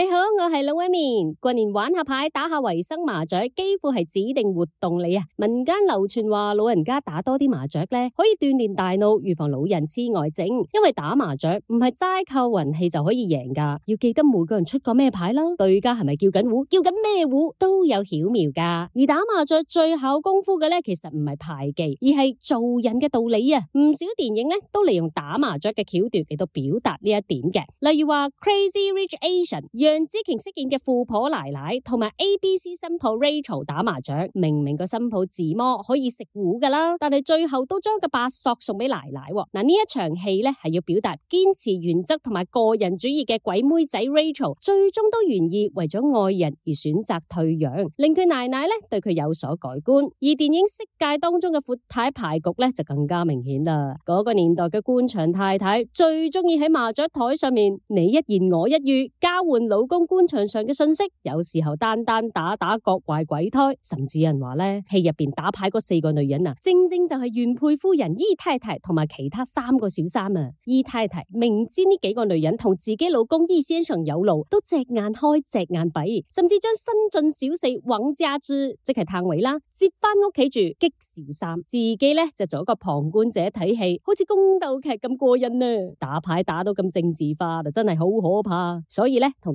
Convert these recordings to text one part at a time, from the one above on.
你好，我係龍紋敏。過年玩下牌，打下衛生麻雀，幾乎係指定活動嚟啊！民間流傳話，老人家打多啲麻雀咧，可以鍛煉大腦，預防老人痴呆症。因為打麻雀唔係齋靠運氣就可以贏噶，要記得每個人出過咩牌啦，對家係咪叫緊糊，叫緊咩糊都有巧妙噶。而打麻雀最考功夫嘅咧，其實唔係牌技，而係做人嘅道理啊！唔少電影咧都利用打麻雀嘅橋段嚟到表達呢一點嘅，例如話《Crazy Rich Asian》。楊紫瓊飾演嘅富婆奶奶同埋 A、B、C 新抱 Rachel 打麻雀，明明個新抱自摸可以食糊噶啦，但係最後都將個八索送俾奶奶。嗱，呢一場戲咧係要表達堅持原則同埋個人主義嘅鬼妹仔 Rachel，最終都願意為咗愛人而選擇退讓，令佢奶奶咧對佢有所改觀。而電影《色戒》當中嘅闊太牌局咧就更加明顯啦。嗰個年代嘅官場太太最中意喺麻雀台上面，你一言我一語交換老老公官場上嘅信息，有時候單單打打各懷鬼胎，甚至有人話咧戲入邊打牌嗰四個女人啊，正正就係原配夫人姨太太同埋其他三個小三啊。姨太太明知呢幾個女人同自己老公伊先生有路，都隻眼開隻眼閉，甚至將新進小四搵揸住，即係探位啦，接翻屋企住激小三，自己咧就做一個旁觀者睇戲，好似宮鬥劇咁過癮啊！打牌打到咁政治化，就真係好可怕。所以咧同。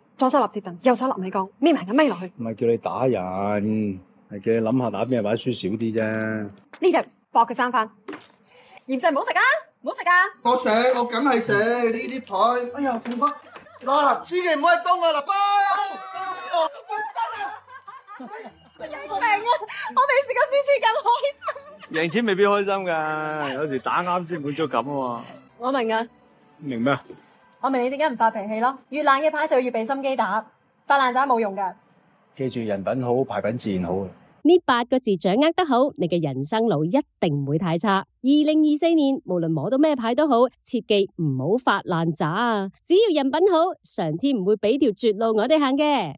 左手立折凳，右手立米缸，眯埋個眉落去。唔係叫你打人，係叫你諗下打咩牌輸少啲啫。呢隻博佢三番，鹽水唔好食啊！唔好食啊！我食，我梗係食呢啲台。哎呀，仲乜嗱？輸嘅唔可以當啊，老闆。我分身啊！我明啊，我未試過輸錢咁開心。贏錢未必開心噶，有時打啱先滿足感啊。我明啊，明咩？我明你點解唔發脾氣咯，越爛嘅牌就要畀心機打，發爛渣冇用噶。記住人品好，牌品自然好。呢八個字掌握得好，你嘅人生路一定唔會太差。二零二四年無論摸到咩牌都好，切記唔好發爛渣啊！只要人品好，上天唔會俾條絕路我哋行嘅。